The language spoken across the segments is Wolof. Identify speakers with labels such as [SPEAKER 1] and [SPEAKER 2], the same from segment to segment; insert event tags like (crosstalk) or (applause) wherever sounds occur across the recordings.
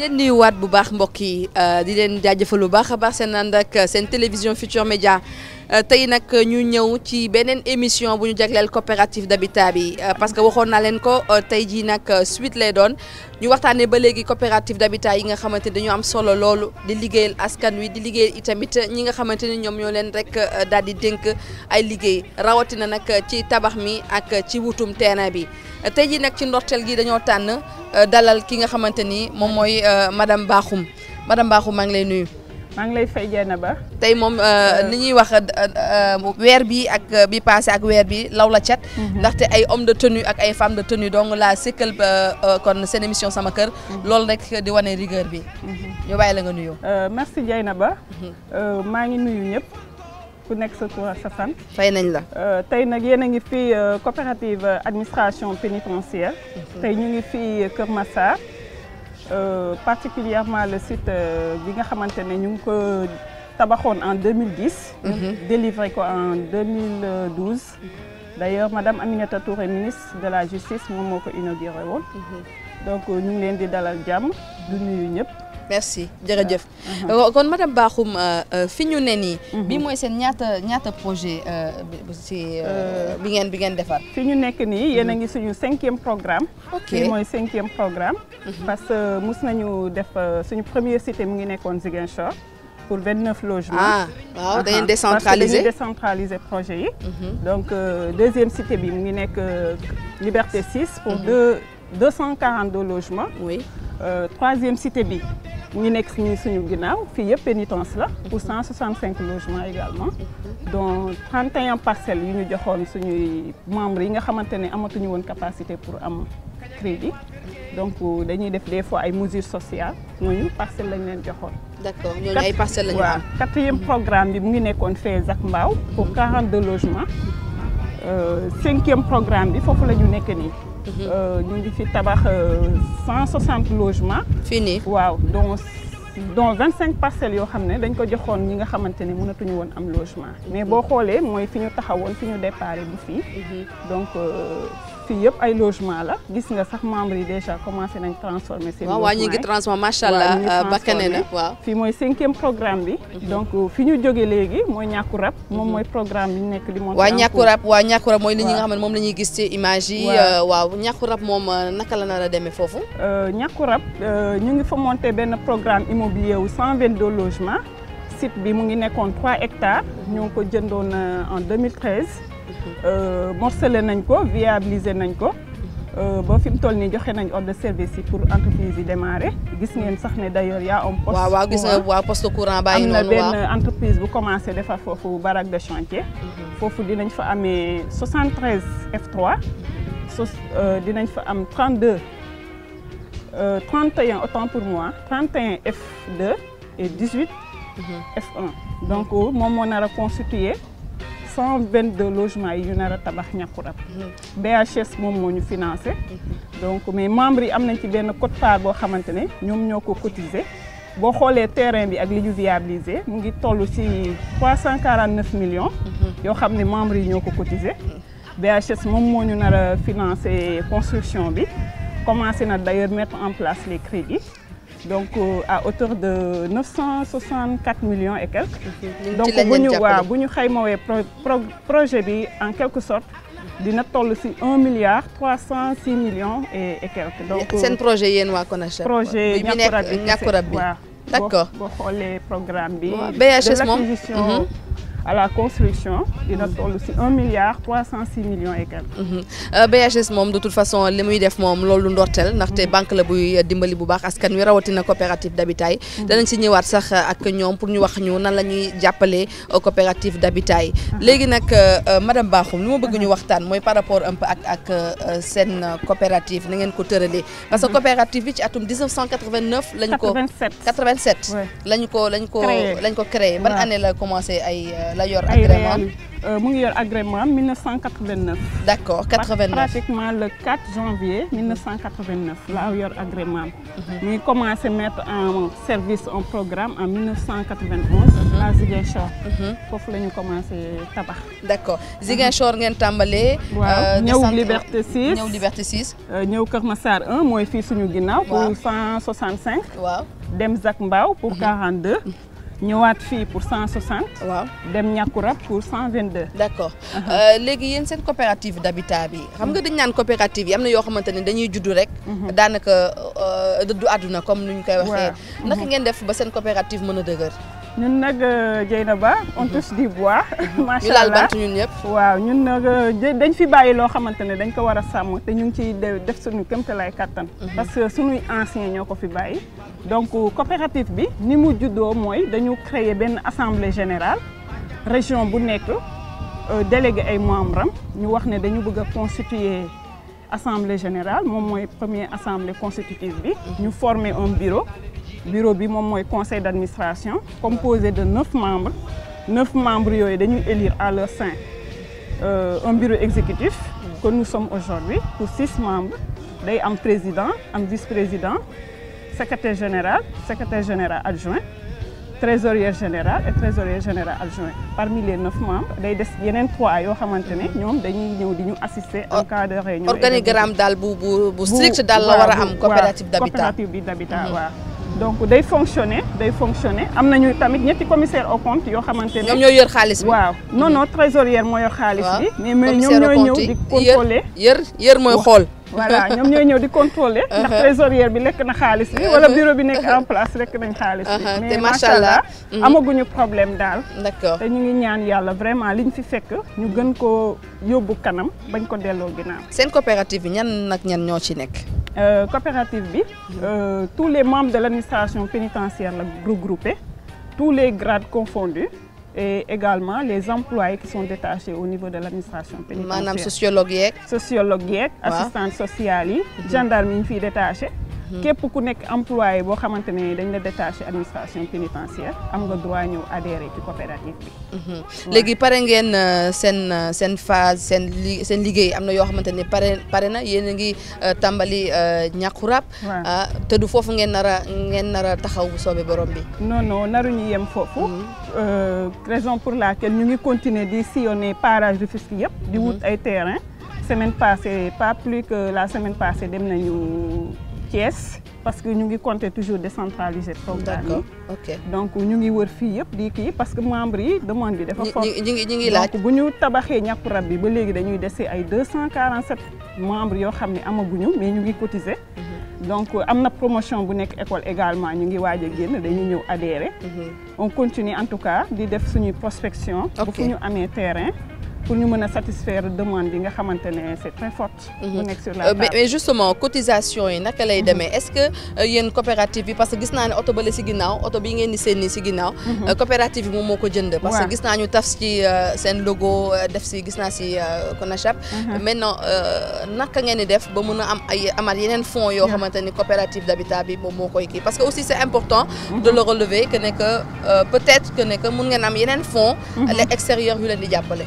[SPEAKER 1] leen nuyuwaat bu baax mbokk yi euh, di leen jaajëfal bu baax a baax seen ànd ak euh, seen télévision Futurs Médias Euh, tey nag euh, ñu ñëw ci beneen émission bu ñu jagleel coopérative d'habitat bi euh, parce que waxoon naa leen ko tey jii nag suite lee doon ñu waxtaanee ba léegi coopérative d'habitat yi nga xamante ni dañoo am solo loolu di liggéeyal askan wi di liggéeyal tamit ñi nga xamante ni ñoom ñoo leen rek daal di dénk ay liggéey rawatina nag ci tabax mi ak ci wutum terrain bi tey jii nag ci ndorteel gi dañoo tànn dalal ki nga xamante ni moom mooy madame Bakhoum madame Bakhoum maa ngi lay nuyu. maa ngi lay fay ba tey moom li euh, euh. ñuy wax euh, weer bi ak bi passé ak weer bi law la cat mhm. ndaxte ay homme de tenue ak ay femme de tenue donc la sikkal kon seen émission sama kër mhm. loolu rek di wane rigueur bi mhm. ñu bàyyi la nga nuyoo merci Dieynaba maa ngi nuyu ñëpp ku
[SPEAKER 2] nekk sa tur sa sant fay nañ la tey nag yéen a ngi fi coopérative administration pénitentiaire tey ñu ngi fii Kër Massar Euh, particulièrement le site euh, bi nga xamante ne ñu ngi ko tabaxoon en 2010. Mhm. délivré ko en 2012. d'ailleurs madame Aminata Touré ministre de la
[SPEAKER 1] justice moom moo ko inauguré woon. Mhm. donc euh, ñu ngi leen di dalal jàmm du nuyu ñëpp. merci jërëjëf. Uh-huh. kon madame Bakhoum euh, euh, fi ñu ne nii. Uh-huh. bii mooy seen ñaata ñaata projet euh, si bi ngeen bi ngeen defar. fi ñu nekk nii yéen a ngi uh-huh. suñu
[SPEAKER 2] cinquième programme. ok mooy cinquième programme. parce que mus nañu def suñu première cité mu ngi nekkoon Ziguinchor. pour vingt neuf logements. ah waaw dañuy décentraliser décentraliser projet yi. donc deuxième cité bi mu ngi nekk Liberté 6. pour deux deux cent quarante deux logements. oui troisième cité bi. mu ngi nekk suñu suñu ginnaaw fii yëpp pénitence la pour 165 logements également donc 31 parcelles yu ñu joxoon suñuy membres yi nga xamante ne amatuñu woon capacité pour am crédit donc dañuy def des foo ay mesures sociales ñooñu parcelles lañ leen joxoon.
[SPEAKER 1] d'accord ñooñu ay parcelles lañu am
[SPEAKER 2] mm-hmm. programme bi mu ngi nekkoon fee Zac Mbao pour 42 logements euh, cinquième programme bi foofu la ñu nekk nii. Euh, ñu ngi fi tabax euh, cent soixante logements. fii nii waaw donc. donc vingt cinq parcelle yoo xam ne dañ ko joxoon ñi nga xamante ne mënatuñu woon am logement mais boo xoolee mooy fi ñu taxawoon fi ñu déparé bu fii mhm. donc euh, fii yëpp ay logement la gis nga sax membre yi déjà commencé nañ transformer seen logement waaw ñu ngi euh, transformer macha allah bakkane na waaw fii mooy cinquième programme bi mhm. donc euh, fi ñu jóge léegi mooy ñàkku rab moom mhm. mooy programme bi ñu nekk di monter waaw ñàkku rab waaw
[SPEAKER 1] ñàkku rab mooy li ñi nga xam ne moom la ñuy gis ci image yi waaw euh, ñàkku rab moom naka la nar a demee foofu ñàkku rab ñu ngi fa monter benn
[SPEAKER 2] programme immobilier wu 122 logements sit bi mu ngi nekkoon 3 hectares ñoo ngi ko jëndoon en 2013 Euh, morcelé nañ ko viabiliser nañ ko euh, ba fi mu toll nii joxe nañ ordre de service yi pour entreprise yi démarrer gis ngeen sax ne d'ailleurs yaa am poste waaw waaw gis nga waaw poste courant am na benn entreprise bu commencé defar foofu baraque de chantier mhm. foofu dinañ fa amee 73 f trois sos euh, dinañ fa am 32 31 autant pour moi 31 F2 et 18 F1 mhm. donc moom moo nar constituer 122 logements yi ñu nar a tabax ñàkku rab mm-hmm. BHS moom moo ñu financé mm-hmm. donc mais membres yi am nañ ci benn quote part boo xamante ne ñoom ñoo ko cotisé boo xoolee terrain bi ak li ñu viabilisé mu ngi toll ci 349 millions mm-hmm. yoo xam ne membres yi ñoo ko cotisé BHS moom moo ñu nar a financé construction bi commencé na d'ailleurs mettre en place les crédits donc euh, à hauteur de 964 millions et quelques. donc bu ñu bu ñu xaymawee projet bi en quelque sorte dina toll si 1 milliard 306 millions et et quelques. donc seen projet
[SPEAKER 1] yéen waa CONACHEL. Euh, projet ñàkk rab bi ñàkk rab bi
[SPEAKER 2] waaw. d'accord boo boo programme bi. de l'acquisition mhm. à la un milliard cent six millions et mhm.
[SPEAKER 1] euh, moom de façon li muy def moom loolu ndorteel ndaxte banque la buy dimbali bu baax askan wi rawatina coopérative d'habitat yi mhm. danañ si ñëwaat sax ak ñoom pour ñu wax ñu nan la ñuy jàppalee euh, coopérative d'habitat yi. Mhm. léegi nag euh, madame Bakhoum li ma bëgg ñu waxtaan mooy par rapport un peu ak ak seen coopérative na ngeen ko tëralee. parce que coopérative bi ci atum 1989. lañ ko 87 ko lañ ko lañ ko créé ban année la commencé ay. la yor agrément euh, mu ngi yor
[SPEAKER 2] agrément 1989. d' accord 89 pratiquement le 4 janvier 1989 la yor agrément mhm. mu ngi commencé mettre en service un programme en 1991. à mhm. Ziguinchor. Mhm. foofu la ñu commencé tabax. d' accord Ziguinchor ngeen tàmbalee. Euh, waaw ñëw Liberté 6 ñëw Liberté 6. ñëw Kër Massar 1 mooy fii suñu ginnaaw. pour 165. waaw dem Zac Mbao pour 42. ñëwaat fii pour cent soixante. waaw dem Niakourab pour
[SPEAKER 1] cent vingt deux. d' accord uh-huh. euh, léegi yéen seen coopérative d' habitat bi xam nga mm. dañ naan coopérative yi am na yoo xamante ne dañuy juddu rek. Mm-hmm. daanaka euh, dëddu àdduna comme ni ñu koy waxee. naka mm-hmm. ngeen def ba seen coopérative mën a dëgër.
[SPEAKER 2] ñun nag euh, Dieynaba on mhm. touche du bois. (laughs) Mhm. macha allah ñu laal bant ñun ñëpp. waaw ñun nag euh, dañ fi bàyyi loo xamante ne dañ ko war a sàmm te ñu ngi ciy def suñu kéemtalaay kattan. Mhm. parce que suñuy anciens ñoo ko fi bàyyi. donc euh, coopérative bi ni mu juddoo mooy dañu créer benn assemblée générale région bu nekk délégué ay membres am ñu wax ne dañu bëgg a constituer. assemblée générale moom mooy première assemblée constitutive bi. ñu former un bureau bureau bi moom mooy conseil d' administration composé de neuf membres neuf membres yooyu dañuy élire à leur sein euh, un bureau exécutif que nous sommes aujourd'hui pour six membres day am président am vice-président secrétaire général secrétaire général adjoint trésorier général et trésorier général adjoint parmi les neuf membres day des yeneen trois yoo xamante ne ñoom dañuy ñëw di ñu assister en cas de réunion organigramme daal
[SPEAKER 1] bu bu bu strict daal la war am coopérative d'habitat coopérative
[SPEAKER 2] bi d'habitat mhm. donc day fonctionner day fonctionner am nañu tamit ñetti commissaire au compte yoo xamante ne. ñoom ñoo yor xaalis bi waaw non non trésorière moo yor xaalis bi. mais mais ñoom ñoo ñëw di contrôler yër yër mooy xool. voilà ñoom ñooy ñëw di contrôler uh-huh. ndax trésorière bi lekk na xaalis bi uh-huh. wala bureau bi nekk en place lekk nañ xaalis bi uh-huh. mais macha allah mm-hmm. amaguñu problème daal d'accord te ñu ngi ñaan yàlla vraiment li liñ fi fekk ñu gën koo yóbbu kanam bañ ko delloo ginnaaw seen coopérative bi
[SPEAKER 1] ñan nag ñan ñoo ci nekk euh,
[SPEAKER 2] coopérative bi mm-hmm. euh, tous les membres de l'administration pénitentiaire la regroupé tous les grades confondus et également les employés qui sont détachés au niveau de l'administration pénitentiaire maanaam sociologue yeeg. sociologue yeeg. assistante sociale yi. gendarme yi ñu fiy détaché. Mhm. képp ku nekk employé boo xamante ne dañ la détaché administration pénitentiaire am nga droit ñëw adhéré ci coopérative bi. Mhm. léegi pare
[SPEAKER 1] ngeen euh, seen euh, seen phase seen seen liggéey am na yoo xamante ne pare pare na yéen a ngi euh, tàmbali ñàkku rab. Ah, te du foofu ngeen nar a ngeen nar a taxaw bu soobee borom bi.
[SPEAKER 2] non non naruñu yem foofu. Mhm. raison pour la laquelle ñu ngi continuer di sillonner parage Rufisque yëpp. di wut ay terrain semaine passée pas plus que la semaine passée dem nañu. Thiès parce que ñu ngi compter toujours décentraliser programme yi. ok donc ñu ngi wër fii yëpp di kii parce que membre yi demande bi dafa fort. ñu ngi ñu bu ñu tabaxee ñapp rab bi ba léegi dañuy dese ay deux cent quarante sept membres yoo xam ne amaguñu mais ñu ngi cotiser. Mhm. donc am na promotion bu nekk école également ñu ngi waaj a génn dañuy ñëw adhérer. Mhm. on continuer en tout cas di def suñuy prospection. bu fu ñu amee terrain. pour ñu mën a satisfaire demande bi nga xamante ne c'est très forte. bu mhm. nekk sur la euh, table mais
[SPEAKER 1] justement cotisation yi naka lay mhm. demee est-ce que euh, yéen coopérative bi parce que gis naa ne oto bële si ginnaaw oto bi ngeen di seen nii si ginnaaw. Mhm. Euh, coopérative bi moom moo ko jënd. parce que gis naa ñu taf ci seen logo def si gis naa si Konachap. maintenant naka ngeen di def ba mun a am ay amaat yeneen fonds yoo xamante ni coopérative d'habitat bi moom moo koy kii parce que aussi c'est important. de le relever que ne être que ne que mën am yeneen fonds. les extérieurs yu leen di jàppale.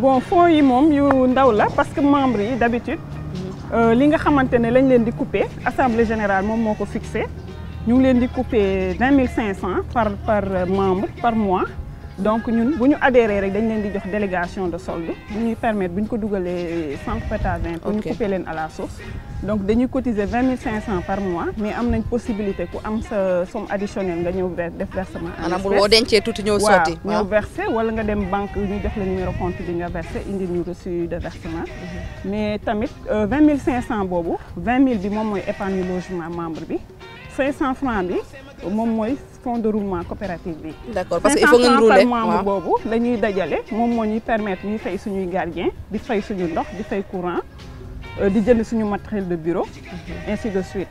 [SPEAKER 2] bon fonds yi moom yu ndaw la parce que membres yi d'habitude euh, li nga xamante ne lañ leen di couper assemblée générale moom moo ko fixé ñu ngi leen di couper cinq cent par par euh, membre par mois donc ñun bu ñu adhéré rek dañ leen di jox délégation de solde bu ñuy permettre bu ñu ko dugalee cinq pétavin pour ñu couper leen à la source donc dañuy cotiser vingt cinq cent par mois mais am nañ possibilité ku am sa somme additionnelle nga ñëw def versement maanaam boo dencee tuuti ñëw sotti waaw ñëw versé wala nga dem banque ñu jox la numéro compte bi nga versé indi ñu reçu de versement mhm. mais tamit euh, vingt mille cinq cent boobu vingt mille bi moom mooy épargne logement membre bi 500 francs bi moom mooy fonds de roulement coopérative bi. d'accord parce que il faut ngeen rouler boobu la ñuy dajale moom moo ñuy permettre ñuy fay suñuy gardien di fay suñu ndox di fay courant euh, di jënd suñu matériel de bureau. ainsi de suite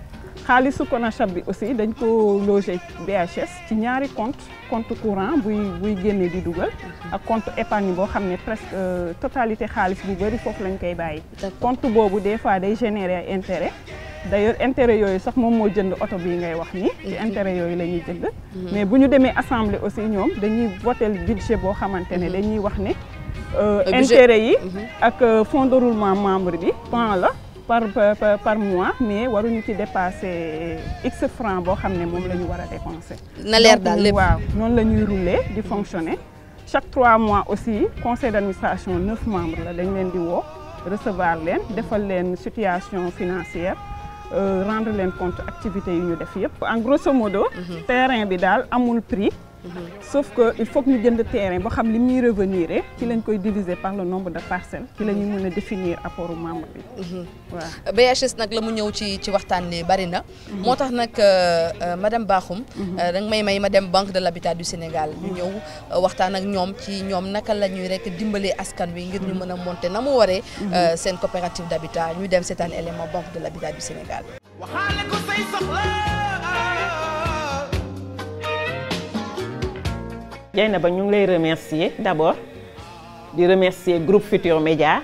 [SPEAKER 2] xaalisu CONACHAP bi aussi dañ ko loger BHS ci ñaari compte compte courant buy buy génne di dugal. ak compte épargne boo xam ne presque euh, totalité xaalis bu bëri foofu lañ koy bàyyi. compte boobu des fois day générer intéret d'ailleurs intéret yooyu sax moom moo jënd oto bii ngay wax ni ci intérêt yooyu la ñuy jënd mhm. mais bu ñu demee assemblée aussi ñoom dañuy voter budget boo xamante ne mhm. dañuy wax ne euh, intérêt yi mhm. ak euh, fonds de roulement membre bi pan la par par mois mais waruñu ci dépasser x francs boo xam ne moom la ñu war a dépenser na leer daal lépp noonu la ñuy rouler di fonctionner chaque trois mois aussi conseil d'administration neuf membres la dañ leen di woo recevoir leen defal leen situation financière rendre leen compte activités yi ñu def yëpp en grosso modo. Mhm. terrain bi daal amul prix. sauf que il faut que ñu jënd terrain ba xam li ñuy revenir eh, ci lañ koy diviser par le nombre de parcelles ci la ñuy mën a définir apportu membre bi.
[SPEAKER 1] waaw mhm. BHS nag la mu ñëw ci ci waxtaan ne bari na. Mhm. moo tax nag euh, euh, ma dem Bakhoum. Mhm. Euh, danga may may ma dem banque de l'habitat du Sénégal. ñu ñëw waxtaan ak ñoom ci ñoom naka la ñuy rek dimbalee askan wi ngir ñu mën a monte na mu waree. seen coopérative d'habitat ñu dem seetaan élément
[SPEAKER 3] banque de l'habitat du Sénégal. waxaale na ba ñu ngi lay remercier d'abord di remercier groupe Futurs Médias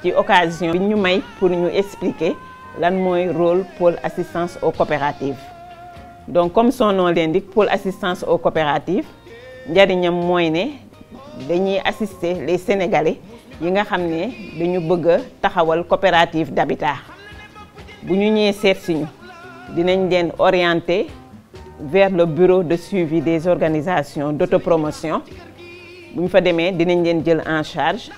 [SPEAKER 3] ci occasion bi ñu may pour ñu expliquer lan mooy rôle pôle assistance au coopératives donc comme son nom l'indique pôle assistance aux coopératives njariñam mooy ne dañuy assister les sénégalais yi nga xam ne dañu bëgg a taxawal coopérative d'habitat bu ñu ñëwee seet si ñu dinañ leen orienter vers le bureau de suivi des organisations d'autopromotion bu ñu fa demee dinañ leen jël en charge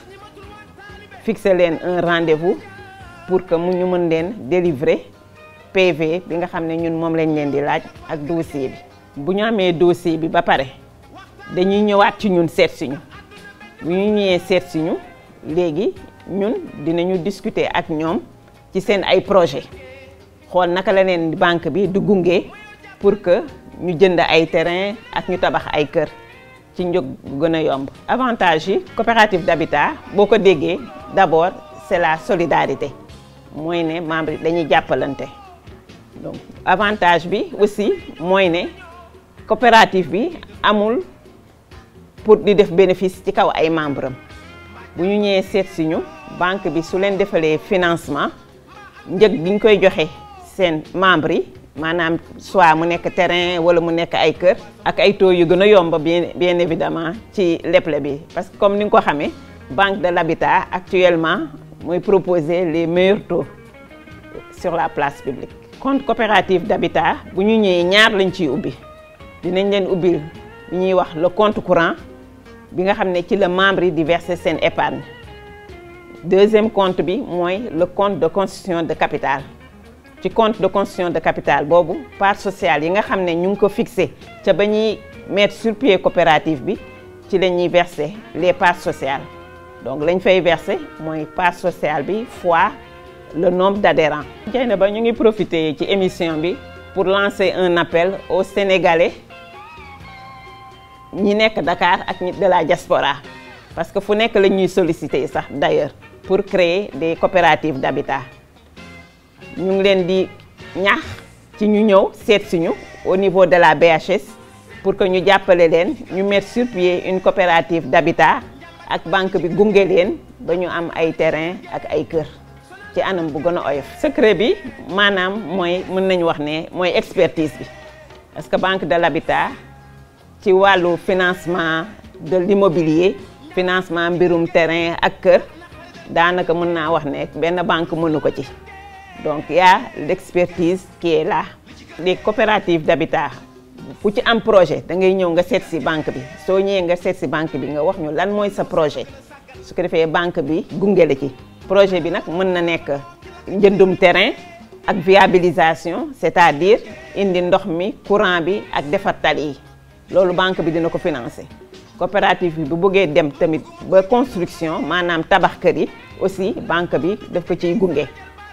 [SPEAKER 3] fixer leen un rendez-vous pour que mu ñu mën leen délivrer PV bi nga xam ne ñun moom lañ leen di laaj ak dossier bi bu ñu amee dossier bi ba pare dañuy ñëwaat ci ñun seet si ñu bu ñu ñëwee seet si ñu léegi ñun dinañu discuter ak ñoom ci seen ay projet xool naka la leen banque bi du gunge pour que ñu jënd ay terrain ak ñu tabax ay kër ci njëg bu gën a yomb avantage yi coopérative d'habitat boo ko déggee d'abord c'est la solidarité mooy ne membre dañuy jàppalante avantage bi aussi mooy ne coopérative bi amul pour di def bénéfice ci kaw ay membres am bu ñu ñëwee seet si ñu banque bi su leen defalee financement njëg bi ñu koy joxe seen membres yi maanaam soit mu nekk terrain wala mu nekk ay kër ak ay taux yu gën a yomb bien bien évidemment ci leple bi parce que comme ni nga ko xamee banque de l'habitat actuellement mooy proposer les meilleurs taux sur la place publique. compte coopératif d'habitat bu ñu ñëwee ñaar lañ ciy ubbi dinañ leen ubbil lu ñuy wax le compte courant bi nga xam ne ci la membre yi di seen épargne deuxième compte bi mooy le compte de constitution de capital. ci compte de constitution de capital boobu part sociale yi nga xam ne ñu ngi ko fixé ca ba ñuy mettre sur pied coopérative bi ci lañuy ñuy verser les parts sociales donc lañ fay verser mooy part sociale bi fois le nombre d' adhérents. ba ñu ngi profité ci émission bi pour lancer un appel au Sénégalais ñi nekk Dakar ak ñi de la diaspora parce que fu nekk la ñuy solliciter sax d' pour créer des coopératives d' habitat. ñu ngi leen di ñax ci ñu ñëw seet si ñu au niveau de la BHS pour que ñu jàppale leen ñu mettre sur une coopérative d'habitat ak banque bi gunge leen ba ñu am ay terrain ak ay kër ci anam bu gën a oyof. secret bi maanaam mooy mën nañu wax ne mooy expertise bi parce que banque de l'habitat ci wàllu financement de l'immobilier financement mbirum terrain ak kër daanaka mën naa wax ne benn banque mënu ko ci. donc y a l'expertise qui est là les coopératives d'habitat ku ci am projet da ngay ñëw nga seet si banque bi soo ñëwee nga seet si banque bi nga wax ñu lan mooy sa projet su ko defee banque bi gunge la ci projet bi nag mën na nekk njëndum terrain ak viabilisation c'est-à-dire indi ndox mi courant bi ak defar tali yi loolu banque bi dina ko financer coopérative bi bu bëggee dem tamit ba construction maanaam tabax kër yi aussi banque bi daf ko ciy gunge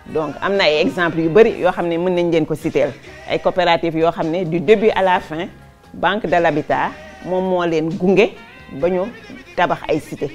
[SPEAKER 3] donc am na ay exemples yu bëri yoo xam ne mën nañ leen ko citel ay coopératives yoo xam ne du début à la fin banque de l'habitat moom moo leen gunge ba ñu tabax ay cité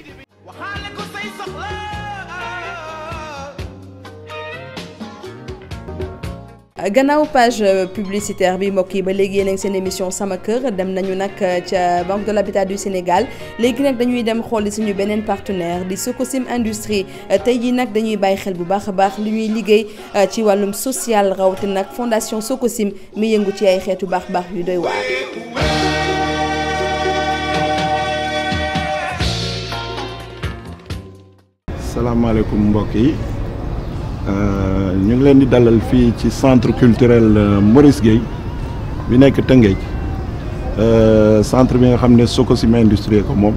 [SPEAKER 1] gannaaw page euh, publicitaire bi mbokk yi ba léegi yéen seen émission sama kër dem nañu nag euh, ca banque de l'habitat du Sénégal léegi nag dañuy dem xooli suñu beneen partenaire di Sococim Industrie euh, tey jii nag dañuy bàyyi xel bu baax a baax li ñuy liggéey ci wàllum social rawatina nag fondation Sococim mi yëngu ci ay xeetu baax baax yu doy waar.
[SPEAKER 4] salaamaaleykum Euh, ñu ngi leen di dalal fii ci centre culturel euh, Maurice Guèye bi nekk Tëngéej euh, centre bi nga xam ne Sococim Industrie ko moom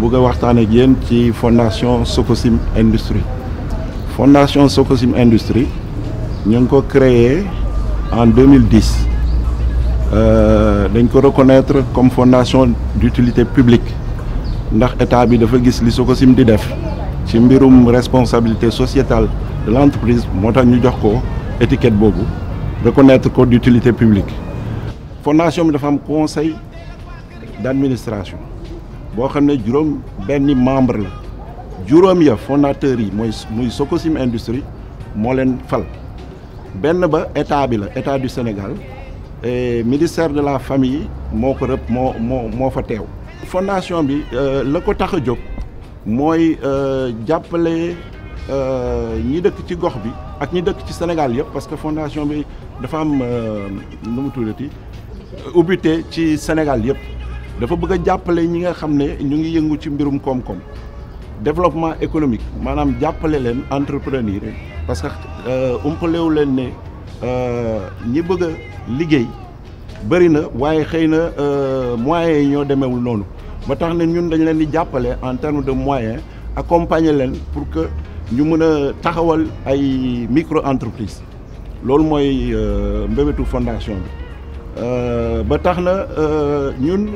[SPEAKER 4] bugg a waxtaan ak yéen ci fondation Sococim Industrie fondation Sococim Industrie ñu ngi ko créer en 2010 dañ ko reconnaître comme fondation d'utilité publique ndax état bi dafa gis li Sococim di def ci mbirum responsabilité sociétale de l'entreprise moo tax ñu jox ko étiquette boobu reconnaître ko d'utilité publique fondation bi dafa am conseil d'administration boo xam ne juróom benni membre la juróom ya fondateur yi mooy muy sim Industrie moo leen fal benn ba état bi la état du Sénégal et ministère de la famille moo ko rëpp moo moo moo fa teew fondation bi euh, la ko tax a jóg mooy euh, jàppale euh, ñi dëkk ci gox bi ak ñi dëkk ci Sénégal yëpp parce que fondation bi dafa am euh, nu mu tuddati ubbite ci Sénégal yëpp dafa bëgg jàppale ñi nga xam ne ñu ngi yëngu ci mbirum koom-koom développement économique maanaam jàppale leen entrepreneur parce que umpalewu leen ne ñi bëgg a liggéey bëri na waaye xëy na moyens yi ñoo demewul noonu ba tax na ñun dañ leen di jàppale en termes de moyens accompagner leen pour que ñu mën a taxawal ay micro entreprise loolu mooy euh, mbébétu fondation bi euh, ba tax na euh, ñun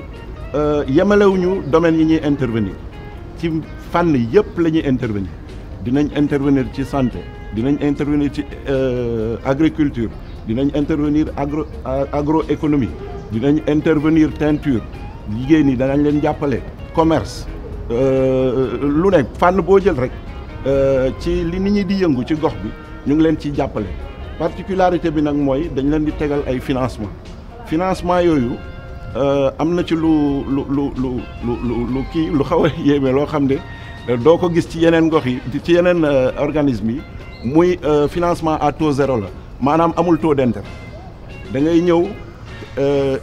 [SPEAKER 4] yemalewuñu domaines yi ñuy intervenir ci fànn yëpp la ñuy intervenir dinañ intervenir ci santé dinañ intervenir ci agriculture dinañ intervenir agro agroéconomie dinañ intervenir teinture jigéen ñi danañ leen jàppale commerce euh, lu nekk fànn boo jël rek euh, ci li nit ñi di yëngu ci gox bi ñu ngi leen ci jàppale particularité bi nag mooy dañ leen di tegal ay financement financement yooyu euh, am na ci lu lu lu lu lu lu kii lu xaw yéeme loo xam ne doo ko gis ci yeneen gox yi ci yeneen organisme yi muy financement à taux zéro la maanaam amul taux d'intérêt da ngay ñëw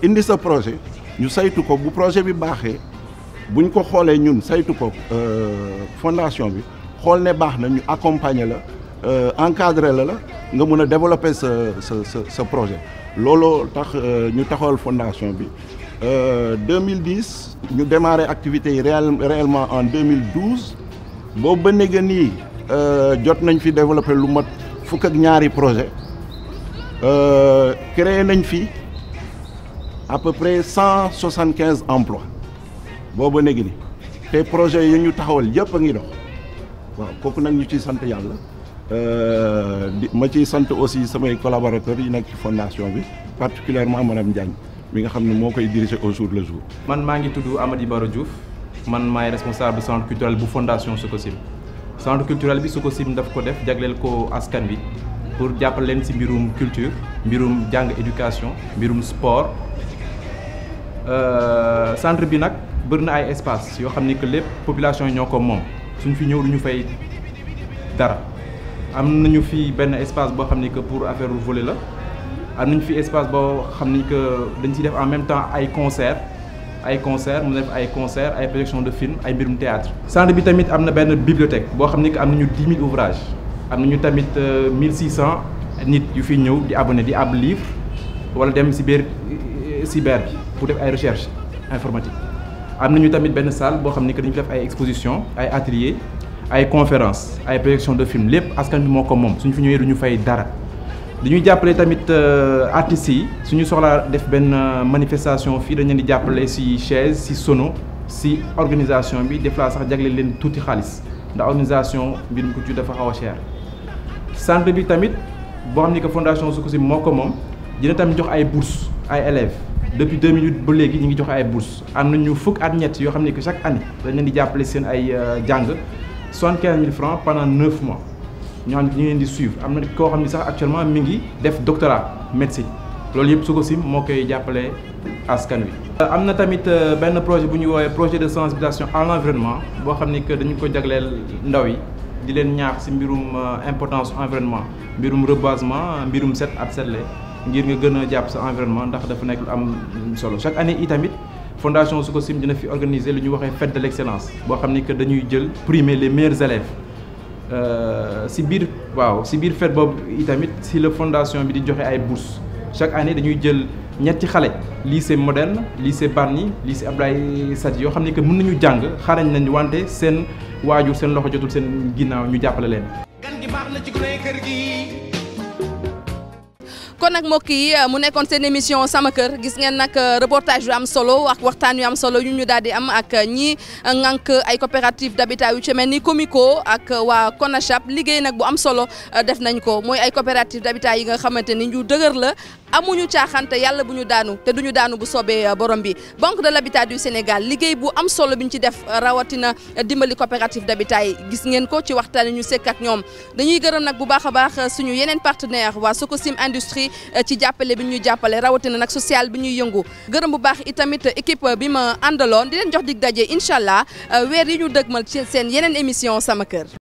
[SPEAKER 4] indi sa projet ñu saytu ko bu projet bi baaxee buñ ko xoolee ñun saytu ko euh, fondation bi xool ne baax na ñu accompagner la euh, encadrer la la nga mun a développer sa sa sa sa projet looloo tax euh, ñu taxawal fondation bi 2010 ñu démarré activités yi réellement en 2012 boobu ba néega nii jot nañ fi développer lu mat fukk ak ñaari projet créé nañ fii à peu près cent soixante quinze emplois booba léegi ni te projet yi ñu taxawal yëpp a ngi dox waaw kooku nag ñu ci sant yàlla euh, ma ciy sant aussi samay collaborateurs yi nag ci fondation bi particulièrement madame Diagne mi nga xam ne moo koy diriger au jour le jour.
[SPEAKER 5] man maa ngi tudd Amady Baro Diouf man maay responsable sant culturel bu fondation Sococim sant culturel bi su ko Sococim daf ko def jagleel ko askan bi pour jàppale leen si mbirum culture mbirum jàng éducation mbirum sport. Euh, centre bi nag bëri na ay espace yoo xam ne que lépp population yi ñoo ko moom suñ fi ñëw du fay dara am na nañu fi benn espace boo xam ne que pour affaire lu volet la am nañu fi espace boo xam ni que dañ si def en même temps ay concert ay concert mu def ay concert ay projection de film ay mbirum théâtre centre bi tamit am na benn bibliothèque boo xam ni que am nañu dix mille ouvrages am na ñu tamit euh, mille six cent nit yu fi ñëw di abonné di ab livre wala dem si biir euh, cyber pour def ay recherche informatique am ñu tamit benn salle boo xam ne que dañu def ay exposition ay atelier ay conférence ay projection de film lépp askan bi moo ko moom ñu fi ñëwee ñu fay dara dañuy jàppale tamit euh, artistes yi suñu soxlaa def benn euh, manifestation fii dañ leen di jàppale si chaise si sono si organisation bi des fois sax jagle leen tuuti xaalis ndax organisation bi ñu ko dafa xaw a cher centre bi tamit boo xam ne que fondation Soukoussib moo ko moom dina tamit jox ay bourse ay élèves depuis deux 2008 ba léegi ñu ngi joxe ay bourses am ñu fukk at ñett yoo xam ne ki chaque année dañ leen di jàppale seen ay euh, jàng 75000 francs pendant 9 mois ñoo xam ne ñu leen di suivre am na koo xam ne sax actuellement mi ngi def doctorat médecine loolu yëpp su ko sim moo koy jàppale askan wi. am na tamit euh, benn projet bu ñuy woowee projet de sensibilisation à l'environnement boo xam ne que dañu ko jagleel ndaw yi di leen ñaax ci mbirum euh, importance environnement mbirum reboisement mbirum set ak setle ngir nga gën jàpp sa environnement ndax dafa nekk lu am solo chaque année i tamit fondation Sococim dina fi organiser lu ñu waxee fête de l'excellence boo xam ne que dañuy jël primer les meilleurs élèves euh, si biir waaw si biir fête boobu itamit si la fondation bi di joxe ay bourses chaque année dañuy jël ñetti xale lii lycée moderne lycée Bargny lycée Abdoulaye Sadji yoo xam ne que mën nañu jàng xarañ nañu wante seen waajur seen loxo jotul seen ginnaaw ñu jàppale leen.
[SPEAKER 1] kon nag mbokk yi euh, mu nekkoon seen émission sama kër gis ngeen nag euh, reportage yu am solo ak waxtaan yu am solo yu ñu daal di am ak euh, ñi ŋànk ay coopérative d'habitat yu ci mel ni Comico ak waa Konachap liggéey nag bu am solo def nañ ko mooy ay coopérative d'habitat yi nga xamante ni ñu dëgër la amuñu caaxante yàlla bu ñu daanu te du ñu daanu bu sobee borom bi banque de l'habitat du Sénégal liggéey bu am solo bi ñu ci def rawatina dimbali coopérative d'habitat yi gis ngeen ko ci waxtaan ñu sekk ak ñoom dañuy gërëm nag bu baax a baax suñu yeneen partenaire waa Sokosim Industrie Eh, ci jàppale bi ñuy jàppale rawatina nag social bi ñuy yëngu gërëm bu baax itamit équipe bi ma àndaloon di leen jox dig daje incha allah eh, weer yi ñu dëgmal ci seen yeneen émission sama kër